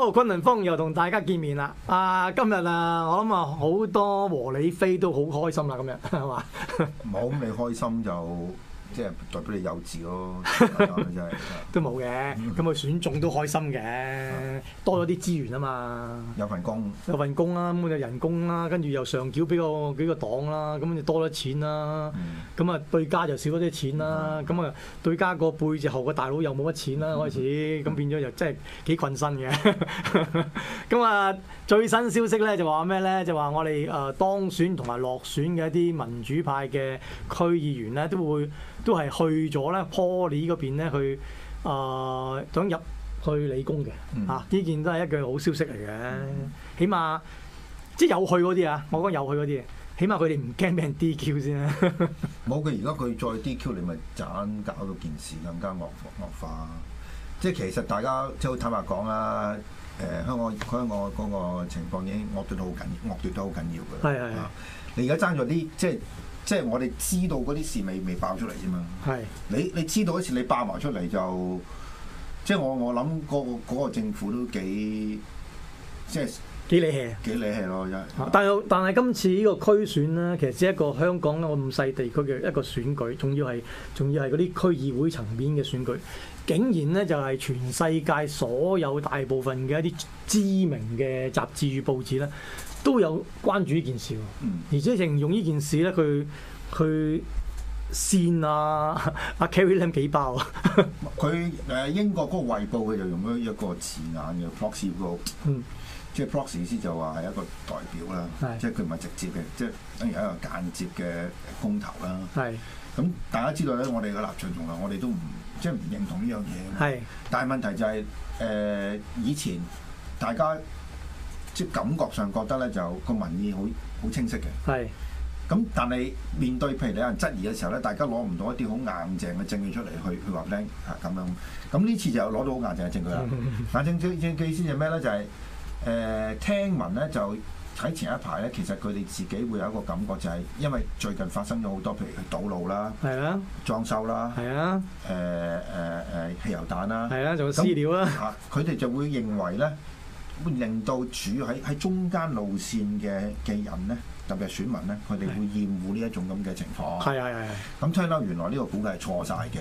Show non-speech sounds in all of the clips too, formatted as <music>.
哦，崑崙風又同大家見面啦！啊，今日啊，我諗啊好多和理非都好開心啦，咁樣係嘛？唔好咁你開心就～即係代表你幼稚咯，真 <laughs> 係都冇嘅有，咁 <laughs> 佢選中都開心嘅， <laughs> 多咗啲資源啊嘛，有份工有份工啦、啊，咁啊人工啦、啊，跟住又上繳俾個幾個黨啦、啊，咁就多咗錢啦、啊，咁 <laughs> 啊對家就少咗啲錢啦、啊，咁 <laughs> 啊對家個背後個大佬又冇乜錢啦、啊，開始咁變咗就真係幾困身嘅。咁啊最新消息咧就話咩咧？就話我哋誒當選同埋落選嘅一啲民主派嘅區議員咧都會。都係去咗咧 Poly 嗰邊咧去啊，想、呃、入去理工嘅、嗯、啊，呢件都係一句好消息嚟嘅、嗯。起碼即係有去嗰啲啊，我講有去嗰啲，起碼佢哋唔驚俾人 DQ 先啦。冇嘅，而家佢再 DQ 你，咪盞搞到件事更加惡惡化。即、嗯、係其實大家即好坦白講啦，誒香港香港嗰個情況已經惡劣到好緊惡劣到好緊要㗎。係係、啊。你而家爭咗啲即係。即係我哋知道嗰啲事未未爆出嚟啫嘛。係你你知道一次你爆埋出嚟就，即係我我諗嗰個嗰個政府都幾即係幾離譜，幾離譜咯！但係今次呢個區選呢，其實只係一個香港咁細地區嘅一個選舉，仲要係仲要係嗰啲區議會層面嘅選舉，竟然呢，就係全世界所有大部分嘅一啲知名嘅雜誌與報紙呢，都有關注呢件事，而且形容呢件事咧，佢佢煽啊阿 Carry Lam 幾爆啊！佢、啊、誒、啊、英國嗰個衛報佢就用咗一個字眼嘅 proxy 個，即係 proxy 意思就話係一個代表啦，即係佢唔係直接嘅，即係等於一個間接嘅公投啦。咁大家知道咧，我哋嘅立場同埋我哋都唔即係唔認同呢樣嘢。但係問題就係、是、誒、呃、以前大家。即感覺上覺得咧，就個民意好好清晰嘅。係。咁但係面對，譬如你有人質疑嘅時候咧，大家攞唔到一啲好硬淨嘅證據出嚟去去話俾你聽吓咁樣。咁呢次就攞到好硬淨嘅證據啦。 <laughs> 反正正正嘅意思係咩咧？就係，誒，聽聞咧，就喺前一排咧，其實佢哋自己會有一個感覺，就係因為最近發生咗好多，譬如堵路啦，係啊，裝修啦，係啊，誒誒誒汽油彈啦，係啊，仲有私了啦，嚇，佢哋就會認為咧，會令到主喺喺中間路線嘅嘅人咧，特別係選民咧，佢哋會厭惡呢一種咁嘅情況。係係係。咁聽落，原來呢個估計係錯晒嘅。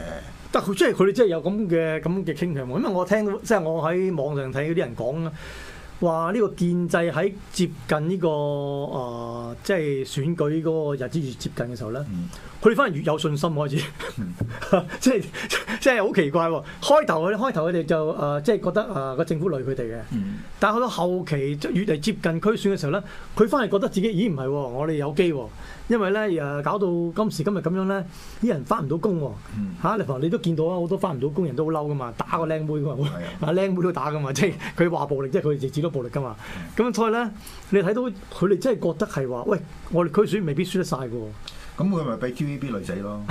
但係即係佢哋真係有咁嘅咁嘅傾向，因為我聽到即係、就是、我喺網上睇嗰啲人講啦。話呢個建制喺接近呢、這個啊、呃，即係選舉嗰個日子越接近嘅時候咧，佢哋反而越有信心開始，嗯、 <laughs> 即係即係好奇怪喎、哦！開頭開頭佢哋就啊、呃，即係覺得啊，個、呃、政府累佢哋嘅，但係到後期越嚟接近區選嘅時候咧，佢反而覺得自己，咦唔係喎，我哋有機喎、哦，因為咧啊搞到今時今日咁樣咧，啲人翻唔到工喎、哦，嚇、嗯啊！你都見到啊，好多翻唔到工人都好嬲噶嘛，打個靚妹噶嘛，靚、嗯、妹 <laughs> 都打噶嘛，即係佢話暴力，即係佢哋自己都。暴力噶嘛？咁所以咧，你睇到佢哋真係覺得係話，喂，我哋區選未必輸得晒噶喎。咁佢咪俾 TVB 累死咯？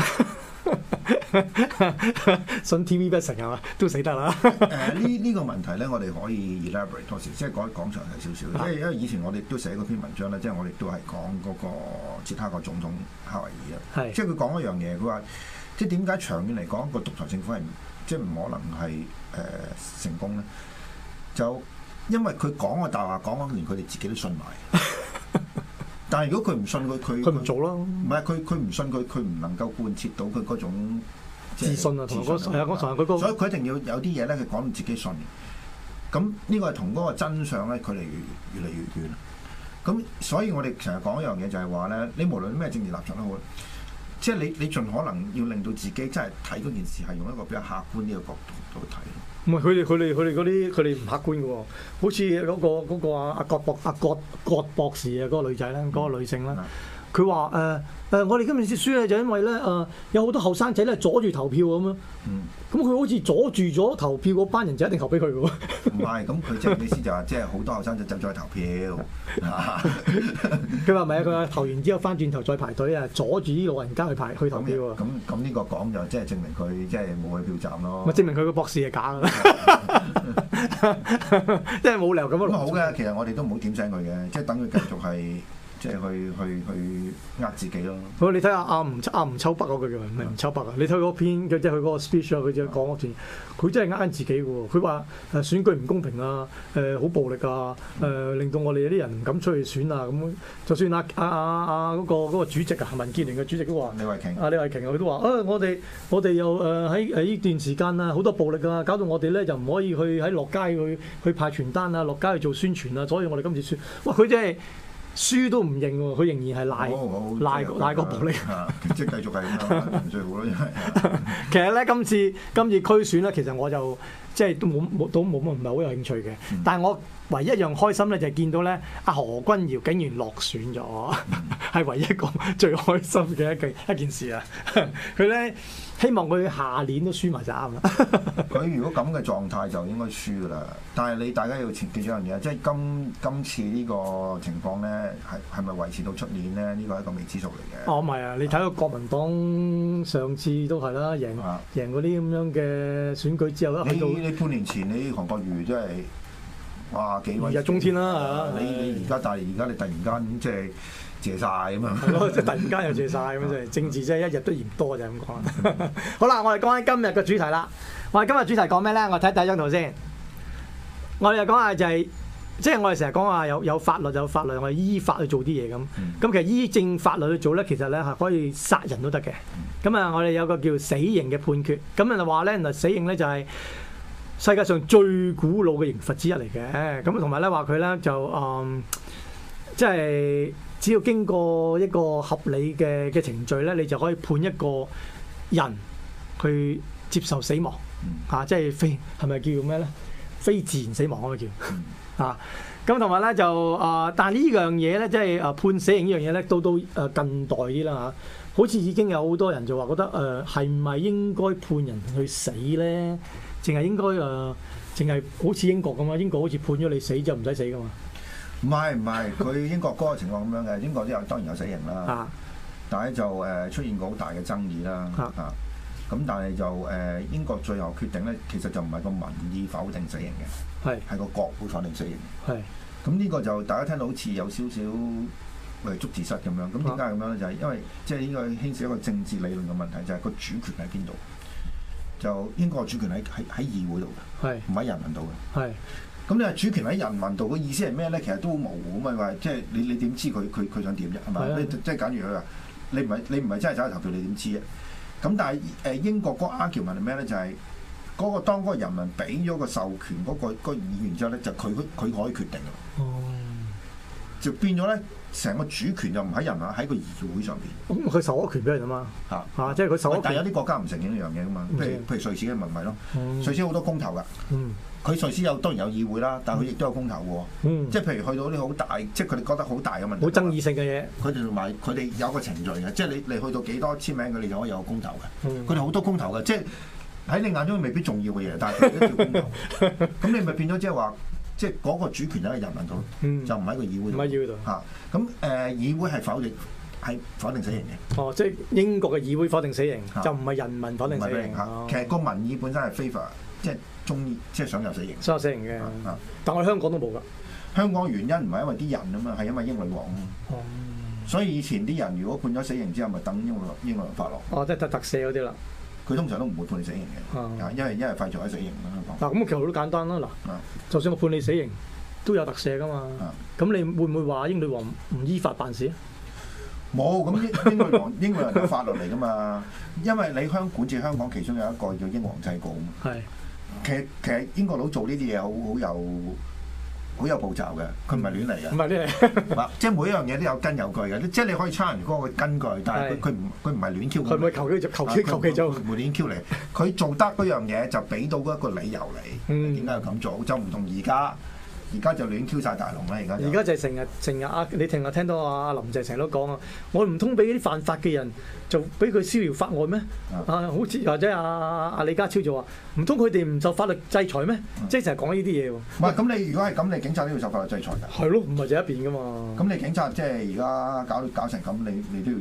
信 <laughs> TVB 成係嘛？都死得啦！誒、 <laughs> 呃，呢、這、呢個問題咧，我哋可以 elaborate 多少，即係講講詳細少少。因為因為以前我哋都寫過篇文章咧，即係我哋都係講嗰個捷克個總統哈維爾啊。係，即係佢講一樣嘢，佢話即係點解長遠嚟講個獨裁政府係即係唔可能係誒、呃、成功咧？就因為佢講嘅大話講啊，連佢哋自己都信埋。 <laughs> 但係如果佢唔信佢，佢佢唔做咯？唔係，佢佢唔信佢，佢唔能夠貫徹到佢嗰種自信啊！信所以佢一定要有啲嘢咧，佢講到自己信。咁呢個係同嗰個真相咧，距離越嚟越遠。咁所以我哋成日講一樣嘢，就係話咧，你無論咩政治立場都好，即係你你盡可能要令到自己真係睇嗰件事係用一個比較客觀呢個角度去睇。唔係佢哋，佢哋佢哋嗰啲，佢哋唔客觀嘅喎。好似嗰個嗰個阿阿郭博阿郭郭博士啊，嗰個女仔咧，嗰個女性啦。Mm-hmm. 佢話誒，我哋今日先輸咧，就因為咧誒、呃，有好多後生仔咧阻住投票咁，嗯，咁佢好似阻住咗投票嗰班人就一定投俾佢喎。唔係，咁 <laughs> 佢即係意思就話，即係好多後生仔走去投票。佢話咪係啊，佢投完之後翻轉頭再排隊啊，阻住啲老人家去排去投票啊。咁咁呢個講就即係證明佢即係冇去票站咯。咪證明佢個博士係假嘅， <laughs> <laughs> <laughs> 即係冇理由咁樣。好嘅，其實我哋都唔好點醒佢嘅，即係等佢繼續係。 <laughs> 即、就、係、是、去去去呃自己咯、哦。我你睇下阿吳阿、啊、吳秋北嗰句叫唔係吳秋北啊、嗯？你睇嗰篇佢即係佢嗰個 speech 啊，佢即係講嗰段，佢真係呃自己嘅。佢話誒選舉唔公平啊，誒、呃、好暴力啊，誒、呃、令到我哋有啲人唔敢出去選啊。咁就算阿阿阿阿嗰個嗰個主席啊，民建聯嘅主席都話、嗯，李慧瓊，阿、啊、李慧瓊佢都話，誒、啊、我哋我哋又誒喺誒呢段時間啊，好多暴力啊，搞到我哋咧就唔可以去喺落街去去派傳單啊，落街去做宣傳啊。所以我哋今次選，哇！佢真係～輸都唔認喎，佢仍然係賴好好賴、即係、賴個暴力，即係繼續係最好咯。其實咧呢， <laughs> 今次今次區選咧，其實我就。即係都冇冇都冇唔係好有興趣嘅，但係我唯一,一樣開心咧就係見到咧阿何君堯竟然落選咗，係、嗯、 <laughs> 唯一一個最開心嘅一句一件事啊！佢、嗯、咧 <laughs> 希望佢下年都輸埋就啱啦。佢如果咁嘅狀態就應該輸啦。 <laughs> 但係你大家要記住一樣嘢，即係今今次呢個情況咧係係咪維持到出年咧？呢個係一個未知數嚟嘅。哦，唔係啊！你睇個國民黨上次都係啦，贏、嗯、贏啲咁樣嘅選舉之後一去到。半年前你韓國瑜真係哇幾如日中天啦，啊啊！你你而家但係而家你突然間即係謝晒，咁啊！即 <laughs> 突然間又謝晒。咁啊！政治真係一日都嫌多就係咁講。好啦，我哋講翻今日嘅主題啦。我哋今日主題講咩咧？我睇第一張圖先。我哋就講下就係即係我哋成日講話有有法律就有法律，我哋依法去做啲嘢咁。咁、嗯、其實依正法律去做咧，其實咧係可以殺人都得嘅。咁啊，我哋有個叫死刑嘅判決。咁人哋話咧，原來死刑咧就係、是。世界上最古老嘅刑罰之一嚟嘅，咁同埋咧話佢咧就、嗯，即係只要經過一個合理嘅嘅程序咧，你就可以判一個人去接受死亡，嚇、嗯，即係，啊，非係咪叫咩咧？非自然死亡可以叫嚇。咁同埋咧就啊，呃，但呢樣嘢咧，即係啊判死刑呢樣嘢咧，都都誒近代啲啦嚇，好似已經有好多人就話覺得誒係咪應該判人去死咧？淨係應該誒，淨、呃、係好似英國咁啊！英國好似判咗你死就唔使死噶嘛唔係？唔係唔係，佢英國嗰個情況咁樣嘅， <laughs> 英國都有當然有死刑啦，啊、但係就誒、呃、出現過好大嘅爭議啦嚇。咁、啊啊、但係就誒、呃、英國最後決定咧，其實就唔係個民意否定死刑嘅，係個國會否定死刑。係咁呢個就大家聽到好似有少少誒捉字蝨咁樣，咁點解咁樣咧？就係、是、因為即係應該牽涉一個政治理論嘅問題，就係、是、個主權喺邊度。就英國主權喺喺喺議會度嘅，唔喺人民度嘅。咁你話主權喺人民度嘅意思係咩咧？其實都好模糊啊嘛，話即係你你點知佢佢佢想點啫？係咪？即係假如佢話你唔係你唔係真係走去投票，你點知啫？咁但係誒英國嗰 argument 係咩咧？就係嗰個當嗰個人民俾咗個授權嗰個個議員之後咧，就佢佢可以決定啦。就變咗咧。成個主權就唔喺人民，喺個議會上邊。咁佢授咗權俾你啊嘛。嚇、啊啊、即係佢授咗。但有啲國家唔承認呢樣嘢噶嘛。譬如譬如瑞士嘅文咪咯、嗯。瑞士好多公投噶。佢、嗯、瑞士有當然有議會啦，但係佢亦都有公投喎、嗯。即係譬如去到啲好大，即係佢哋覺得好大嘅問題，好爭議性嘅嘢，佢哋同埋佢哋有個程序嘅，即係你你去到幾多簽名，佢哋就可以有公投嘅。佢哋好多公投嘅，即係喺你眼中未必重要嘅嘢， <laughs> 但係佢哋一定公投。咁你咪變咗即係話？即係嗰個主權喺人民度，就唔係一個議會，唔係議會度嚇。咁、嗯、誒、呃、議會係否定，係否定死刑嘅。哦，即係英國嘅議會否定死刑，啊、就唔係人民否定死刑。唔、啊、其實個民意本身係 favor 即係中意，即、就、係、是、想有死刑。想有死刑嘅、啊啊，但係香港都冇㗎。香港原因唔係因為啲人啊嘛，係因為英女王、嗯、所以以前啲人如果判咗死刑之後，咪等英女王英女王發落。哦、啊，即係特赦嗰啲啦。佢通常都唔會判你死刑嘅，啊、嗯，因為因為廢除咗死刑啦。嗱、嗯，咁其實好簡單啦，嗱、嗯，就算我判你死刑，都有特赦㗎嘛。咁、嗯、你會唔會話英女王唔依法辦事啊？冇，咁英英女王、 <laughs> 英國人嘅法律嚟㗎嘛。因為你管治香港住香港，其中有一個叫英皇制誥啊嘛。係。其實其實英國佬做呢啲嘢好好有。好有步驟嘅，佢唔係亂嚟嘅。唔係啲係，啊， <laughs> 即係每一樣嘢都有根有據嘅。即係你可以查完嗰個根據，但係佢佢唔佢唔係亂 Q。佢唔係求於入求其求其就亂 Q 嚟。佢、啊啊、做得嗰樣嘢就俾到一個理由你，點、嗯、解要咁做？就唔同而家。而家就亂挑晒大龍啦！而家而家就成日成日啊！你成日聽，聽到啊林鄭成日都講啊，我唔通俾啲犯法嘅人就俾佢逍遙法外咩、嗯？啊，好似或者啊啊李家超就話，唔通佢哋唔受法律制裁咩？即係成日講呢啲嘢喎。唔係咁，嗯、你如果係咁，你警察都要受法律制裁㗎。係咯，唔係就一邊㗎嘛。咁你警察即係而家搞搞成咁，你你都要，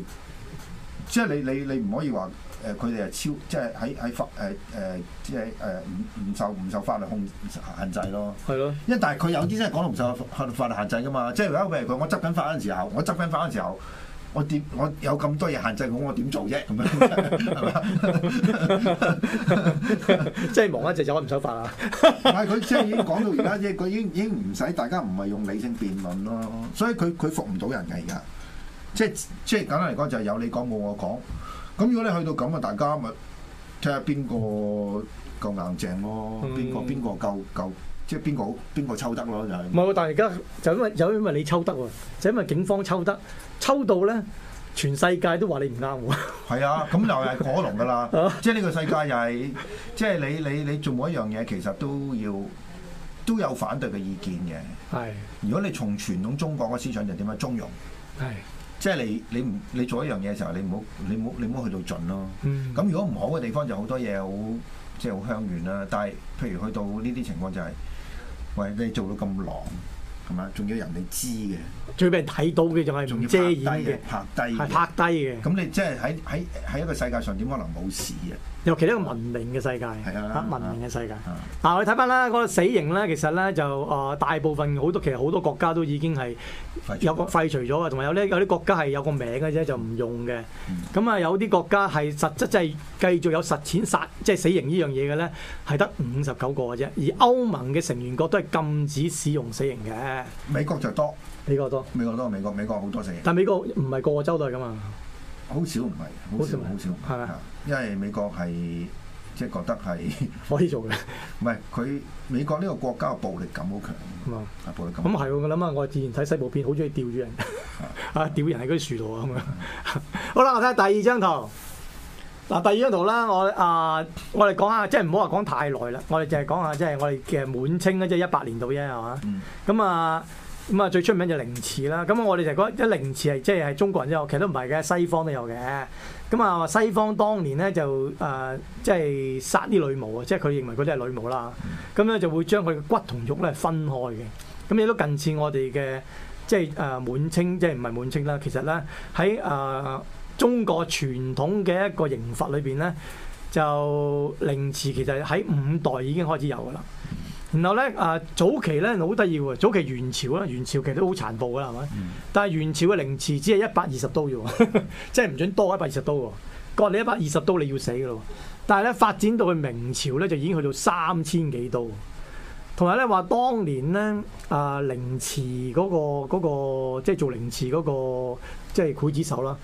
即係你你你唔可以話。誒佢哋係超即係喺喺法誒誒、呃、即係誒唔唔受唔受法律控限制咯，係咯，因為但係佢有啲真係講到唔受法律限制噶嘛，即係如果譬如佢我執緊法嗰陣時候，我執緊法嗰陣時候，我點我有咁多嘢限制咁，我點做啫咁樣，係 <laughs> <laughs> <laughs> 即係忙一隻手我唔想法啊！ <laughs> 但係佢即係已經講到而家啫，佢已經已經唔使大家唔係用理性辯論咯。所以佢佢服唔到人噶而家，即係即係簡單嚟講就係有你講冇我講。咁如果你去到咁啊，大家咪睇下邊個夠硬淨咯，邊個邊個夠、嗯、夠，夠，即係邊個邊個抽得咯，就係、是。唔係喎，但係而家就因為就因為你抽得喎，就因為警方抽得，抽到咧，全世界都話你唔啱喎。係啊，咁又係可能噶啦， <laughs> 即係呢個世界又、就、係、是，即係你你你做每一樣嘢其實都要都有反對嘅意見嘅。係。如果你從傳統中國嘅思想就點樣中庸。係。即係你你唔你，你做一樣嘢嘅時候，你唔好你唔好你唔好去到盡咯。咁、嗯、如果唔好嘅地方就好多嘢好即係好香遠啦。但係譬如去到呢啲情況就係、是，喂你做到咁狼係咪？仲要人哋知嘅，最要俾人睇到嘅就係唔遮掩嘅，拍低嘅，拍低嘅。咁你即係喺喺喺一個世界上點可能冇事啊？尤其一個文明嘅世界，文明嘅世界。嗱，我哋睇翻啦，嗰個死刑咧，其實咧就啊，大部分好多其實好多國家都已經係有個廢除咗嘅，同埋有啲有啲國家係有個名嘅啫，就唔用嘅。咁啊，有啲國家係實質就係繼續有實踐殺，即係死刑呢樣嘢嘅咧，係得五十九個嘅啫。而歐盟嘅成員國都係禁止使用死刑嘅。美國就多，美國多。美國多，美國美國好多死刑。但美國唔係個個州都係咁啊。好少唔係，好少好少，係咪？因為美國係即係覺得係可以做嘅。唔係佢美國呢個國家嘅暴力感好強啊嘛，暴力感好強，咁係我諗啊，我自然睇西部片好中意吊住人，啊吊人喺嗰啲樹度啊咁樣。好啦，我睇下第二張圖。嗱，第二張圖啦，我啊、呃，我哋講下，即係唔好話講太耐啦，我哋就係講下即係我哋嘅滿清嗰即係一百年到。啫係嘛，咁、嗯、啊。咁啊，最出名就凌遲啦。咁我哋就覺得即凌遲係即係係中國人先，其實都唔係嘅，西方都有嘅。咁啊，西方當年咧就誒、呃就是，即係殺啲女巫啊，即係佢認為啲係女巫啦。咁咧就會將佢嘅骨同肉咧分開嘅。咁亦都近似我哋嘅，即係誒滿清，即係唔係滿清啦。其實咧喺誒中國傳統嘅一個刑罰裏邊咧，就凌遲其實喺五代已經開始有噶啦。然後咧，誒、呃、早期咧好得意喎，早期元朝啦，元朝其實都好殘暴噶啦，係咪？嗯、但係元朝嘅凌遲只係一百二十刀啫，即係唔准多一百二十刀喎。割你一百二十刀，你要死噶咯。但係咧發展到去明朝咧，就已經去到三千幾刀。同埋咧話，說當年咧，誒凌遲嗰個即係、嗰個即係、做凌遲嗰個即係劊子手啦。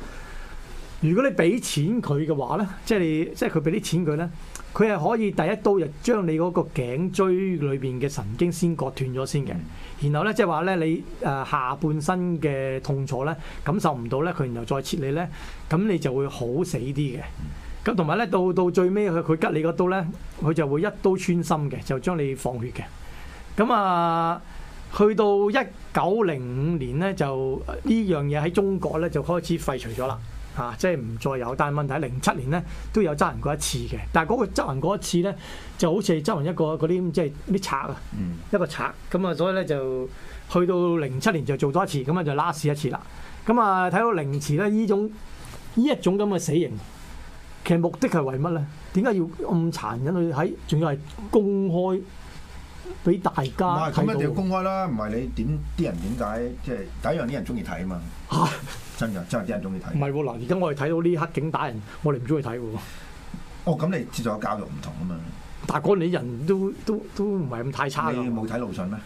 如果你俾錢佢嘅話咧，即係即係佢俾啲錢佢咧。佢係可以第一刀就將你嗰個頸椎裏邊嘅神經先割斷咗先嘅，然後咧即係話咧你誒下半身嘅痛楚咧感受唔到咧，佢然後再切你咧，咁你就會好死啲嘅。咁同埋咧到到最尾佢佢㓤你個刀咧，佢就會一刀穿心嘅，就將你放血嘅。咁啊，去到一九零五年咧，就呢樣嘢喺中國咧就開始廢除咗啦。啊，即係唔再有，但係問題係零七年咧都有執行過一次嘅，但係嗰個執行過一次咧就好似係執行一個嗰啲即係啲賊啊、嗯，一個賊咁啊，所以咧就去到零七年就做多一次，咁啊就 last 一次啦。咁啊睇到凌遲咧呢種呢一種咁嘅死刑，其實目的係為乜咧？點解要咁殘忍去喺，仲要係公開？俾大家睇到，唔係咁一定要公開啦，唔係你點啲人點解即係第一樣啲人中意睇啊嘛真噶，真係啲人中意睇。唔係喎，嗱，而家我哋睇到呢黑警打人，我哋唔中意睇喎。哦，咁你接咗教育唔同啊嘛。但係你人都都都唔係咁太差嘅。冇睇魯迅咩？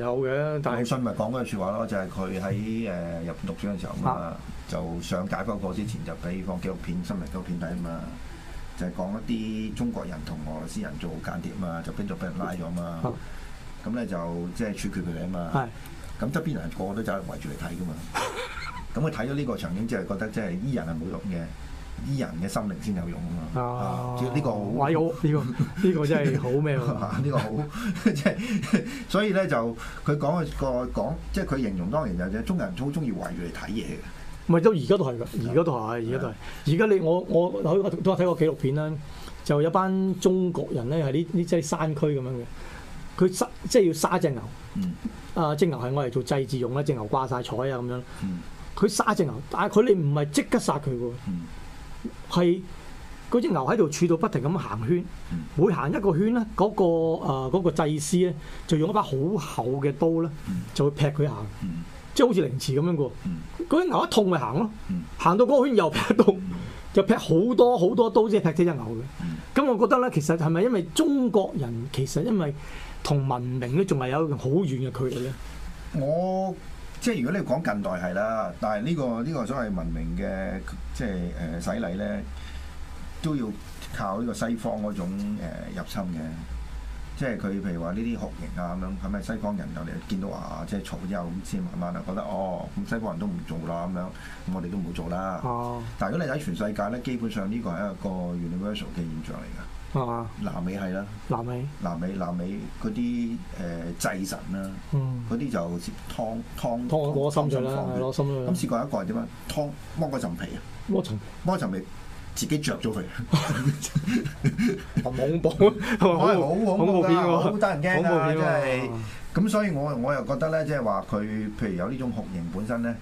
有嘅，但魯迅咪講句説話咯，就係佢喺誒日本讀書嘅時候咁、啊、就上解剖課之前就俾放紀錄片、新聞紀錄片睇嘛。就係、是、講一啲中國人同俄羅斯人做間諜啊嘛，就跟咗俾人拉咗啊嘛，咁、嗯、咧就即係、就是、處決佢哋啊嘛，咁、嗯、側邊人個個都走入圍住嚟睇噶嘛，咁佢睇咗呢個場景之後覺得即係醫人係冇用嘅，醫人嘅心靈先有用啊嘛，呢、啊啊啊這個哇、這個這個、的好，呢、 <laughs> 啊這個真係好咩呢個好即係， <laughs> 所以咧就佢講個講，即係佢形容，當然就係中國人好中意圍住嚟睇嘢㗎。咪都而家都係㗎，而家都係，而家都係。而家你我我我都睇過紀錄片啦，就有一班中國人咧，喺呢呢即係山區咁樣嘅。佢殺即係要殺一隻牛。嗯、啊，隻牛係我嚟做祭祀用啦，隻牛掛晒彩啊咁樣。佢、嗯、殺一隻牛，但係佢哋唔係即刻殺佢喎，係嗰隻牛喺度處到不停咁行圈、嗯，每行一個圈咧，嗰、嗰個啊、呃嗰個、祭司咧就用一把好厚嘅刀咧，就會劈佢行。嗯嗯即係好似凌遲咁樣噶喎，嗰啲牛一痛咪行咯，行到嗰圈又劈刀，就劈好多好多刀，即係劈啲一牛嘅。咁我覺得咧，其實係咪因為中國人其實因為同文明都仲係有好遠嘅距離咧？我即係如果你講近代係啦，但係呢、呢個呢、呢個所謂文明嘅，即係誒、呃、洗禮咧，都要靠呢個西方嗰種、呃、入侵嘅。即係佢譬如話呢啲酷刑啊咁樣，係咪西方人又嚟見到啊？即係嘈之後咁先慢慢啦，覺得哦，咁西方人都唔做啦咁樣，咁、嗯、我哋都唔好做啦。哦、啊！但係如果你睇全世界咧，基本上呢個係一個 universal 嘅現象嚟㗎。係嘛？南美係啦。南美。南美南美嗰啲誒祭神啦，嗰啲就劏劏劏過心咗心咗。咁試過一個係點啊？劏剝嗰層皮啊！剝層剝層皮。自己著咗佢，好恐怖，可能好恐怖啊，好得人驚啊，真係。咁所以我我又覺得咧，即係話佢，譬如有呢種酷刑本身咧，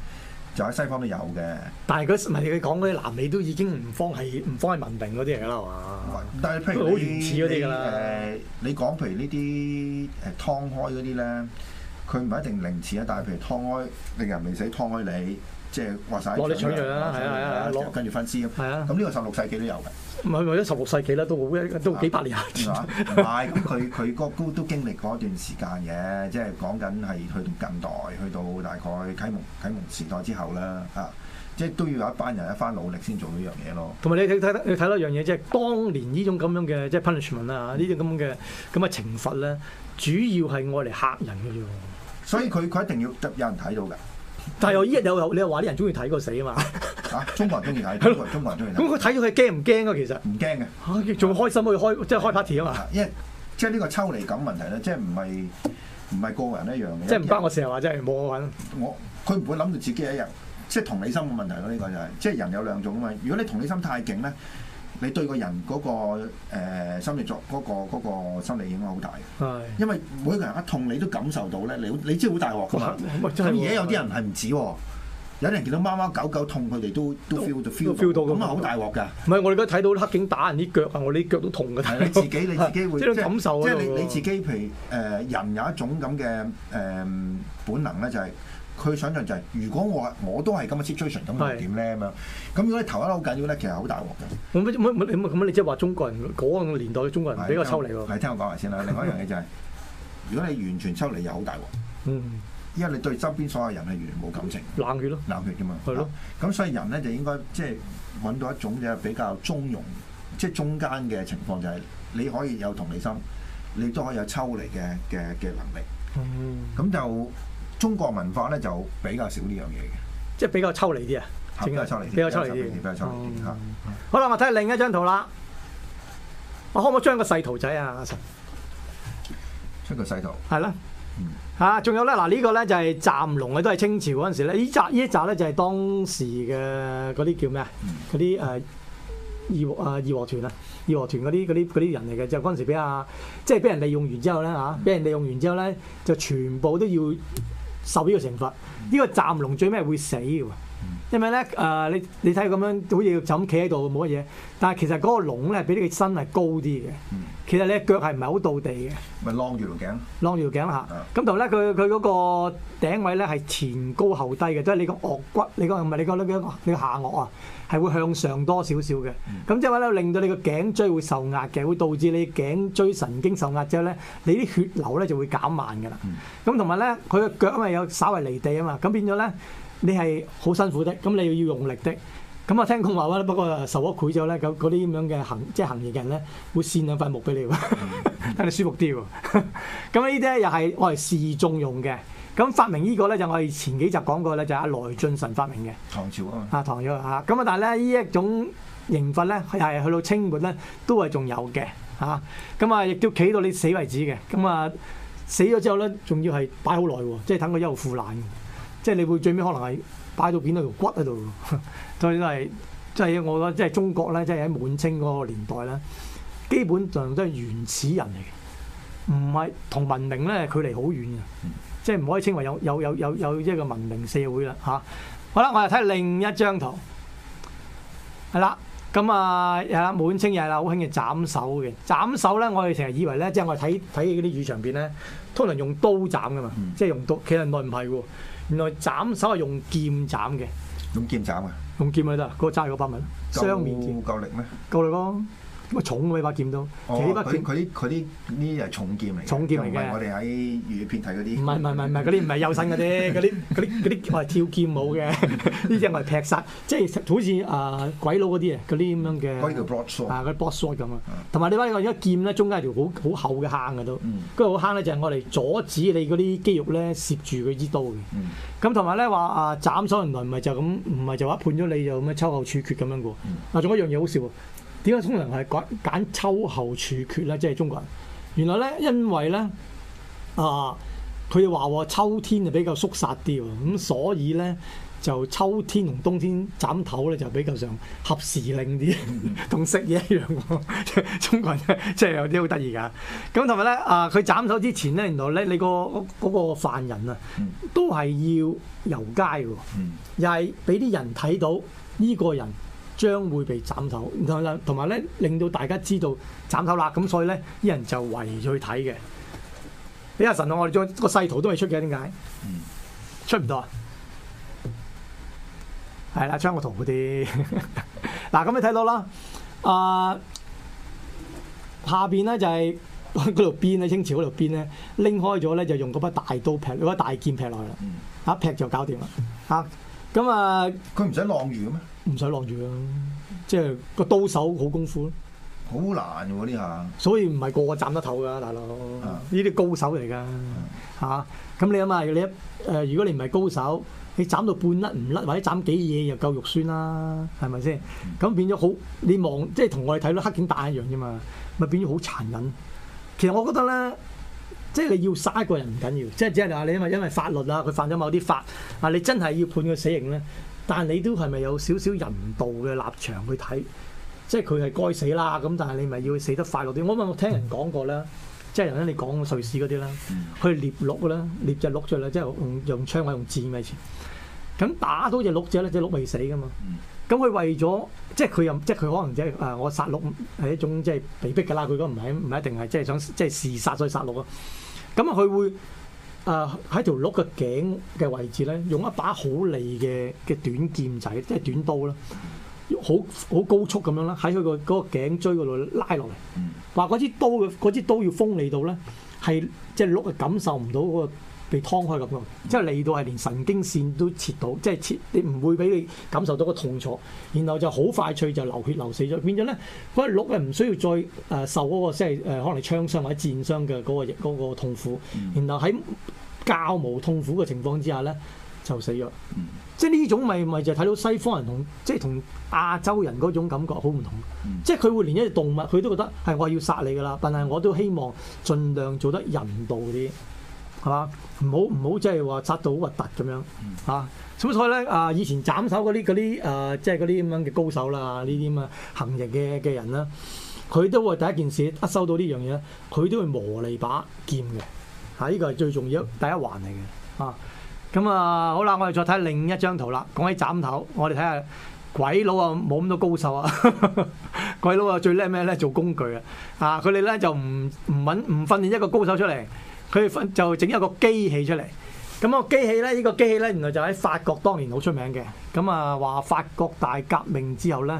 就喺西方都有嘅。但係佢唔係佢講嗰啲，南美都已經唔方係唔方係文明嗰啲嚟㗎啦，係嘛？但係譬如好原始嗰啲誒，你講譬如呢啲誒劏開嗰啲咧，佢唔係一定凌遲啊，但係譬如劏開令人未死劏開你。即係話晒，攞你搶藥啦，係啊係啊，啊，跟住分屍啊！咁呢個十六世紀都有嘅，唔係咪都十六世紀啦？都好都幾百年啊！唔係咁，佢 <laughs> 佢、嗰個都都經歷過一段時間嘅，即係講緊係去到近代，去到大概啟蒙啟蒙時代之後啦，啊！即係都要有一班人一番努力先做呢樣嘢咯。同埋你睇睇你睇到一樣嘢，即、就、係、係、當年呢種咁樣嘅即係 punishment 啊、嗯，呢啲咁嘅咁嘅懲罰咧，主要係愛嚟嚇人嘅啫。所以佢佢一定要有有人睇到㗎。但係我依日有你又話啲人中意睇個死嘛，啊嘛嚇，中國人中意睇，中國人 <laughs> 中意睇。咁佢睇咗佢驚唔驚啊？其實唔驚嘅，仲開心去開，即係開 party 啊嘛。因為即係呢個抽離感問題啦，即係唔係唔係個人一樣嘅。即係唔關我事啊嘛，即係冇我份。佢唔會諗到自己一日即係同理心嘅問題咯。呢個就係，即係人有兩種啊嘛。如果你同理心太勁咧。你對個人嗰、嗰個、呃、心理作嗰、嗰個嗰、嗰個心理影響好大嘅，因為每個人一痛你都感受到咧，你你知好大鑊嘛？咁而家有啲人係唔止喎，有啲人見到貓貓狗狗痛佢哋都都 feel 到 feel 到咁啊，好大鑊嘅。唔係我哋都睇到黑警打人啲腳啊，我啲腳都痛嘅，睇你自己你自己會即係感受喺即係你你自己，譬如誒、呃、人有一種咁嘅誒本能咧、就係，就係。佢想象就係，如果我我都係咁嘅 situation，咁會點咧咁樣？咁如,如果你頭一粒好緊要咧，其實好大鑊嘅。我你咁你即係話中國人嗰個年代嘅中國人比較抽離喎。係聽我講埋先啦。 <laughs> 另外一樣嘢就係，如果你完全抽離，又好大鑊。因為你對周邊所有人係完全冇感情。冷血咯。冷血㗎嘛。係咯。啊。咁所以人咧就應該即係揾到一種嘅比較中庸，即係中間嘅情況就係你可以有同理心，你都可以有抽離嘅嘅嘅能力。嗯。咁就。中國文化咧就比較少呢樣嘢嘅，即係比較抽離啲啊，比較抽離啲，比較抽離啲，比較抽離啲嚇、嗯嗯。好啦，我睇下另一張圖啦。我可唔可以將個細圖仔啊，阿神？出個細圖。係啦。嗯。仲、嗯啊、有咧嗱，啊這個、呢個咧就係、是、站龍嘅，都係清朝嗰陣時咧。呢紮呢一紮咧就係當時嘅嗰啲叫咩、嗯、啊？嗰啲誒義啊義和團啊義和團嗰啲啲啲人嚟嘅，就嗰陣時俾阿即係俾人利用完之後咧嚇，俾、嗯、人利用完之後咧就全部都要受呢個懲罰，呢、這個站龍最尾係會死嘅喎、嗯？因為咧，誒、呃、你你睇咁樣好似就咁企喺度冇乜嘢，但係其實嗰個龍咧比你嘅身係高啲嘅。其實你嘅腳係唔係好到地嘅？咪擰住條頸，擰住條頸吓！咁同咧佢佢嗰個頂位咧係前高後低嘅，即係你個顎骨，你個唔係你個咧個你個下顎啊。係會向上多少少嘅，咁即係話咧，令到你個頸椎會受壓嘅，會導致你頸椎神經受壓之後咧，你啲血流咧就會減慢㗎啦。咁同埋咧，佢嘅腳因為有稍為離地啊嘛，咁變咗咧，你係好辛苦的，咁你要用力的。咁啊，聽講話咧，不過受咗攪咗咧，咁嗰啲咁樣嘅行，即係行業嘅人咧，會扇兩塊木俾你喎，等 <laughs> 你 <laughs> 舒服啲喎。咁呢啲咧又係我係示眾用嘅。咁發明呢個呢個咧就我哋前幾集講過咧，就係阿來俊臣發明嘅唐朝啊，啊唐朝啊，咁啊，但係咧呢一種刑罰咧係去到清末咧都係仲有嘅，啊咁啊亦都企到你死為止嘅。咁啊死咗之後咧，仲要係擺好耐喎，即係等佢一路腐爛，即係你會最尾可能係擺到片到條骨喺度。所以都係即係我覺得即係中國咧，即係喺滿清嗰個年代咧，基本上都係原始人嚟嘅，唔係同文明咧距離好遠嘅。嗯即係唔可以稱為有有有有有一個文明社會啦吓、啊，好啦，我嚟睇另一張圖係啦。咁啊係啦，滿清又係啦，好興嘅斬首嘅斬首咧。我哋成日以為咧，即係我哋睇睇嗰啲粵語長片邊咧，通常用刀斬嘅嘛，嗯、即係用刀。其實原來唔係喎，原來斬首係用劍斬嘅。用劍斬啊！用劍咪得啦，嗰、嗰個揸係嗰把咪雙面劍夠力咩？夠力咯！乜重嘅？把劍都哦，佢佢啲佢啲呢啲係重劍嚟嘅，唔係我哋喺粵語片睇嗰啲。唔係唔係唔係，嗰啲唔係幼身嗰啲，嗰啲嗰啲嗰啲我係跳劍舞嘅，呢只係劈殺，即係好似啊鬼佬嗰啲啊，嗰啲咁樣嘅。啊，嗰啲搏索咁啊，同埋你睇下，而、嗯、劍咧中間係條好好厚嘅坑嘅都，嗰、嗯、好坑咧就係我哋阻止你嗰啲肌肉咧攝住佢支刀嘅。咁同埋咧話啊斬首原來唔係就咁，唔係就話判咗你就咁樣秋後處決咁樣嘅喎。啊、嗯，仲有一樣嘢好笑點解通常係揀揀秋後處決咧？即係中國人，原來咧，因為咧，啊，佢話秋天就比較肅殺啲喎，咁所以咧，就秋天同冬天斬頭咧就比較上合時令啲，同食嘢一樣喎。中國人即係有啲好得意噶。咁同埋咧，啊，佢斬頭之前咧，原來咧，你個嗰個犯人啊，都係要遊街喎，嗯，又係俾啲人睇到呢個人。將會被斬頭，同埋咧，令到大家知道斬頭啦，咁所以咧，啲人就圍去睇嘅。李阿神，我哋將個細圖都係出嘅，點解？嗯、出唔到啊？係啦，將個圖好啲。嗱、 <laughs> 啊，咁你睇到啦。啊，下邊呢、就係、嗰邊咧就係嗰條鞭咧，清朝嗰條鞭咧，拎開咗咧就用嗰把大刀劈，嗰把大劍劈落去啦。一、啊、劈就搞掂啦。嚇！咁啊，佢唔使晾魚嘅咩？唔使晾住嘅，即係個刀手好功夫咯。好難嘅喎呢下，所以唔係個個斬得頭嘅大佬。呢啲、啊、高手嚟㗎嚇。咁、啊啊、你諗下、呃，如果你誒如果你唔係高手，你斬到半甩唔甩，或者斬幾嘢又夠肉酸啦，係咪先？咁變咗好，你望即係同我哋睇到黑警打一樣啫嘛，咪變咗好殘忍。其實我覺得咧，即係你要殺一個人唔緊要，即係只係話你因為因為法律啊，佢犯咗某啲法啊，你真係要判佢死刑咧。但係你都係咪有少少人道嘅立場去睇？即係佢係該死啦咁，但係你咪要死得快樂啲？我唔我聽人講過啦，即係人咧，你講瑞士嗰啲啦，佢獵鹿啦，獵隻鹿出嚟，即係用用槍啊，用箭咪住。咁打到隻鹿之後咧，隻鹿未死噶嘛。咁佢為咗，即係佢又，即係佢可能即係誒，我殺鹿係一種即係被逼噶啦。佢講唔係唔係一定係即係想即係時殺再殺鹿啊。咁啊，佢會。啊！喺條鹿嘅頸嘅位置咧，用一把好利嘅嘅短劍仔，即係短刀啦，好好高速咁樣啦，喺佢個嗰個頸椎嗰度拉落嚟。話嗰支刀嘅嗰支刀要鋒利到咧，係即係鹿係感受唔到嗰被劏開咁樣，即係嚟到係連神經線都切到，即係切你唔會俾你感受到個痛楚，然後就好快脆就流血流死咗，變咗咧嗰個鹿誒唔需要再誒、呃、受嗰、嗰個即係誒可能槍傷或者戰傷嘅嗰、嗰個嗰個痛苦，嗯、然後喺較無痛苦嘅情況之下咧就死咗、嗯。即係呢種咪咪就睇到西方人同即係同亞洲人嗰種感覺好唔同，嗯、即係佢會連一隻動物佢都覺得係我要殺你噶啦，但係我都希望盡量做得人道啲。係嘛？唔好唔好，即係話殺到好核突咁樣，吓、啊。所以咧，啊，以前斬首嗰啲嗰啲，誒、呃，即係嗰啲咁樣嘅高手啦，呢啲咁嘅行刑嘅嘅人啦，佢都會第一件事，一收到呢樣嘢咧，佢都會磨利把劍嘅。吓、啊，呢個係最重要的第一環嚟嘅。啊，咁啊，好啦，我哋再睇另一張圖啦。講起斬頭，我哋睇下鬼佬啊，冇咁多高手啊， <laughs> 鬼佬啊，最叻咩咧？做工具啊。啊，佢哋咧就唔唔揾唔訓練一個高手出嚟。佢就整一個機器出嚟，咁、那個機器咧，呢、這個機器咧，原來就喺法國當年好出名嘅，咁啊話法國大革命之後咧，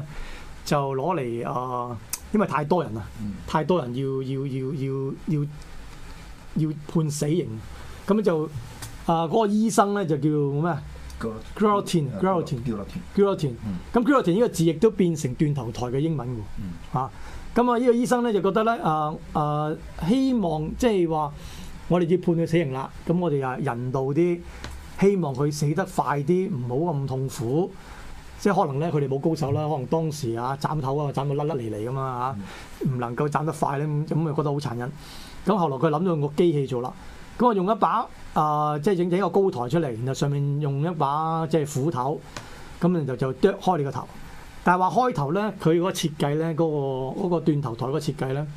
就攞嚟啊，因為太多人啦，太多人要要要要要要判死刑，咁就啊嗰、呃那個醫生咧就叫咩？Guillotin，Guillotin，Guillotin，Guillotin 咁 Guillotin 呢、嗯、個字亦都變成斷頭台嘅英文喎。嚇，咁、嗯、啊呢個醫生咧就覺得咧啊啊希望即係話。就是我哋要判佢死刑啦，咁我哋又人道啲，希望佢死得快啲，唔好咁痛苦。即係可能咧，佢哋冇高手啦，可能當時啊斬頭啊斬到甩甩嚟嚟咁嘛，嚇，唔能夠斬得快咧，咁咪覺得好殘忍。咁後來佢諗咗用個機器做啦，咁我用一把啊，即係整整一個高台出嚟，然後上面用一把即係、就是、斧頭，咁然後就剁開你個頭。但係話開頭咧，佢嗰設計咧，嗰、那個嗰、那個斷頭台嗰設計咧，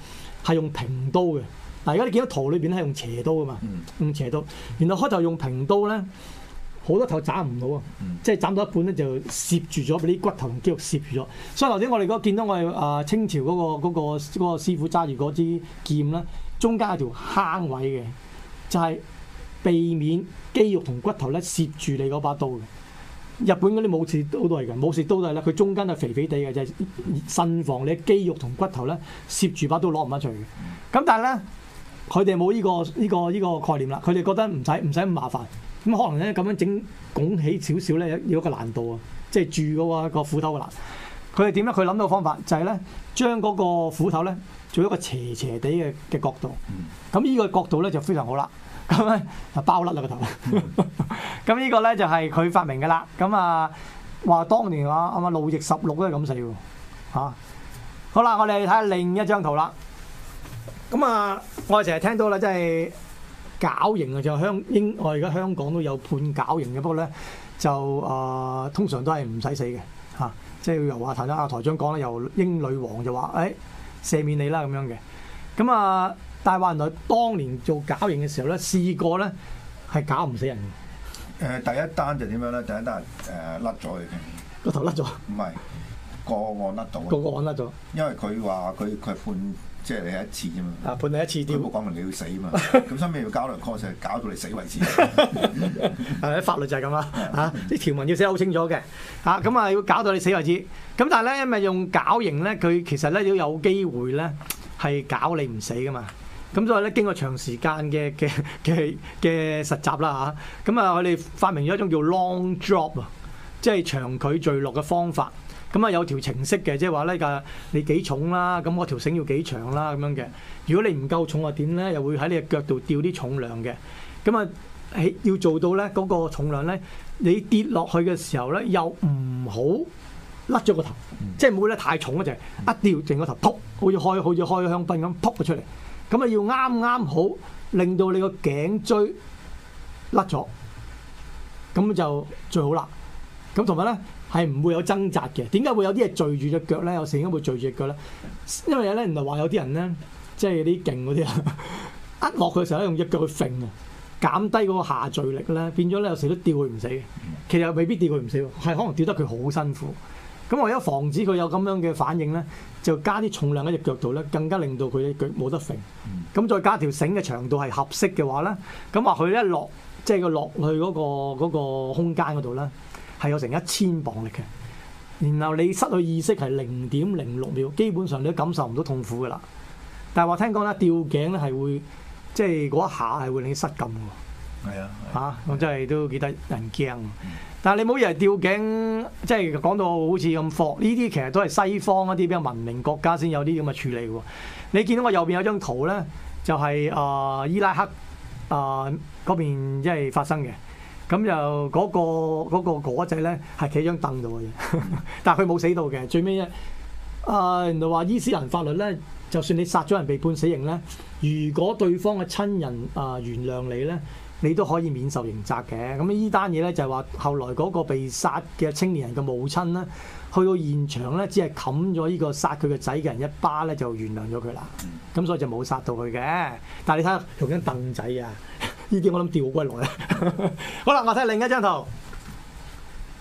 係用平刀嘅。嗱，而家你見到圖裏邊咧，用斜刀㗎嘛，用斜刀，然後開頭用平刀咧，好多頭斬唔到啊，即係斬到一半咧就攝住咗，俾啲骨頭同肌肉攝住咗。所以頭先我哋嗰見到我哋啊清朝嗰個嗰個嗰個師傅揸住嗰支劍咧，中間有條坑位嘅，就係避免肌肉同骨頭咧攝住你嗰把刀嘅。日本嗰啲武士刀都係嘅，武士刀都係啦，佢中間係肥肥地嘅，就係慎防你肌肉同骨頭咧攝住把刀攞唔返出嚟嘅。咁但係咧。佢哋冇呢個呢個呢個概念啦，佢哋覺得唔使唔使咁麻煩，咁可能咧咁樣整拱起少少咧，有一個難度啊，即係住嘅喎個斧頭嘅難。佢哋點樣？佢諗到個方法就係咧，將嗰個斧頭咧做一個斜斜地嘅嘅角度。咁呢個角度咧就非常好啦。咁咧 <laughs> 就包甩啦個頭。咁、mm-hmm. 呢 <laughs> 個咧就係佢發明嘅啦。咁啊話當年我啱啱路易十六都係咁死喎嚇、啊。好啦，我哋睇下另一張圖啦。咁啊，我哋成日聽到啦，即係絞刑啊，就香英，我而家香港都有判絞刑嘅，不過咧就啊、呃，通常都係唔使死嘅嚇、啊，即係又話頭先阿台長講咧，由英女王就話誒，赦、哎、免你啦咁樣嘅。咁啊，但係話原來當年做絞刑嘅時候咧，試過咧係絞唔死人嘅、呃。第一單就點樣咧？第一單誒、呃、甩咗嘅，個頭甩咗。唔係個案甩到。個案甩咗。因為佢話佢佢判。即係你一次啫嘛，判你一次，屌！冇講明你要死啊嘛，咁所以咪要搞兩 course，搞到你死為止。啊 <laughs> <laughs> <laughs> 法律就係咁啦，嚇、啊！啲條文要寫好清楚嘅，嚇，咁啊要搞到你死為止。咁但係咧，因為用搞型咧，佢其實咧要有機會咧係搞你唔死噶嘛。咁所以咧，經過長時間嘅嘅嘅嘅實習啦嚇，咁啊我哋發明咗一種叫 long drop 啊，即係長距離墜落嘅方法。咁啊有條程式嘅，即係話咧，你幾重啦？咁我條繩要幾長啦？咁樣嘅。如果你唔夠重啊，點咧？又會喺你嘅腳度吊啲重量嘅。咁啊，要做到咧嗰個重量咧，你跌落去嘅時候咧，又唔好甩咗個頭，即係唔會咧太重啊，就係一掉正個頭，噗，好似開好似開香檳咁噗咗出嚟。咁啊要啱啱好令到你個頸椎甩咗，咁就最好啦。咁同埋咧。係唔會有掙扎嘅，點解會有啲嘢墜住隻腳咧？有時應該會墜住腳咧，因為有咧，原來話有啲人咧，即係有啲勁嗰啲啦， <laughs> 一落佢嘅時候咧，用隻腳去揈啊，減低嗰個下墜力咧，變咗咧有時都吊佢唔死嘅。其實未必吊佢唔死喎，係可能吊得佢好辛苦。咁為咗防止佢有咁樣嘅反應咧，就加啲重量喺隻腳度咧，更加令到佢嘅腳冇得揈。咁再加一條繩嘅長度係合適嘅話咧，咁話佢一落即係佢落去嗰、嗰個嗰個空間嗰度咧。係有成一千磅力嘅，然後你失去意識係零點零六秒，基本上你都感受唔到痛苦㗎啦。但係話聽講咧，吊頸咧係會即係嗰一下係會令你失禁㗎喎。係啊，嚇咁、啊啊、真係都幾得人驚。但係你唔好以為吊頸即係講到好似咁放呢啲，這些其實都係西方一啲比較文明國家先有啲咁嘅處理喎。你見到我右邊有張圖咧，就係、是、啊、呃、伊拉克啊嗰邊即係發生嘅。咁就嗰個嗰個仔咧，係企張凳度嘅，但係佢冇死到嘅。最尾啊，呃，人哋話伊斯蘭法律咧，就算你殺咗人被判死刑咧，如果對方嘅親人啊原諒你咧，你都可以免受刑責嘅。咁呢單嘢咧就係話，後來嗰個被殺嘅青年人嘅母親咧，去到現場咧，只係冚咗呢個殺佢嘅仔嘅人一巴咧，就原諒咗佢啦。咁所以就冇殺到佢嘅。但係你睇下，用緊凳仔啊！呢啲我諗掉骨龍咧，好啦，我睇另一張圖。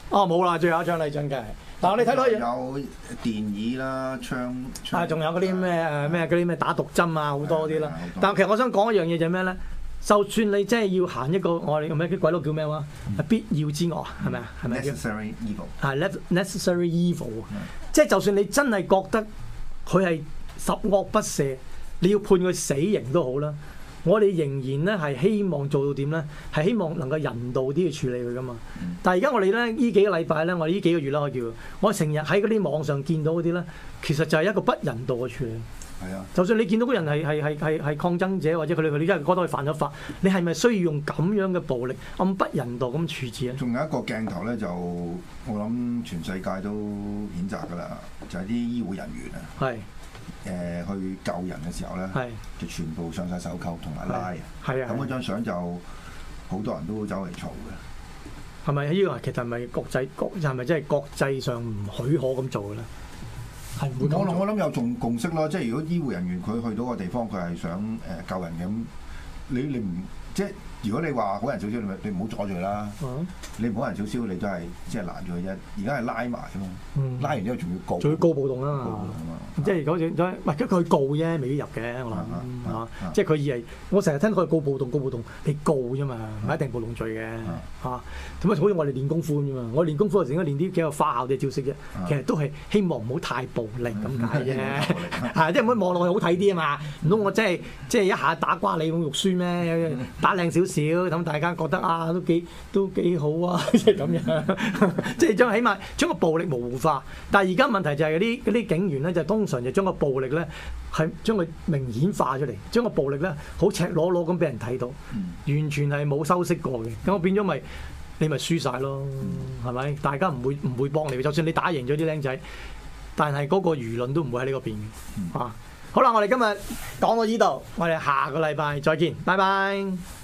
哦，冇啦，最後一張例俊嘅。但我哋睇到有電椅啦、啊，槍仲有嗰啲咩誒咩啲咩打毒針啊，好、啊、多啲啦、啊。但係其實我想講一樣嘢就係咩咧？就算你真係要行一個我哋叫咩鬼佬叫咩話，必要之惡係咪啊？係咪、嗯、necessary evil？係、uh, necessary evil，即、right. 係就，就算你真係覺得佢係十惡不赦，你要判佢死刑都好啦。我哋仍然咧係希望做到點咧，係希望能夠人道啲去處理佢噶嘛。嗯、但係而家我哋咧呢呢幾個禮拜咧，我哋呢幾個月啦，我叫我成日喺嗰啲網上見到嗰啲咧，其實就係一個不人道嘅處理。係啊，就算你見到嗰人係係係係係抗爭者，或者佢哋佢哋家係覺得佢犯咗法，你係咪需要用咁樣嘅暴力咁不人道咁處置啊？仲有一個鏡頭咧，就我諗全世界都譴責噶啦，就係、是、啲醫護人員啊。係。誒去救人嘅時候咧，就全部上晒手扣同埋拉，咁嗰張相就好多人都走嚟嘈嘅，係咪？呢個其實係咪國際國係咪即係國際上唔許可咁做嘅咧？係，我諗我諗有仲共識咯，即係如果醫護人員佢去到個地方，佢係想誒救人咁，你你唔即係？如果你話好人少少，你咪唔好阻住佢啦。你唔好人少少，你都係即係攔住佢啫。而家係拉埋啊嘛，拉完之後仲要告，仲、嗯、要告暴動啦、啊。即係嗰時，佢、啊啊就是、告啫，未必入嘅我諗。即係佢以為，我成日聽佢告暴動，告暴動，你告啫嘛，唔、嗯、一定暴動罪嘅嚇。咁、嗯、啊，啊好似我哋練功夫咁啫嘛。我練功夫嘅時候應該練啲幾個花巧嘅招式啫、啊，其實都係希望唔好太暴力咁解啫。嚇、嗯，即係唔好望落去好睇啲啊嘛。唔通我真係即係一下打瓜你肉酸咩？打靚少少。嗯嗯少咁大家覺得啊，都幾都幾好啊，即係咁樣，呵呵即係將起碼將個暴力模糊化。但係而家問題就係嗰啲啲警員咧，就通常就將個暴力咧係將佢明顯化出嚟，將個暴力咧好赤裸裸咁俾人睇到，完全係冇修飾過嘅。咁我變咗咪、就是、你咪輸晒咯，係、嗯、咪？大家唔會唔會幫你就算你打贏咗啲僆仔，但係嗰個輿論都唔會喺呢個邊、嗯啊、好啦，我哋今日講到呢度，我哋下個禮拜再見，拜拜。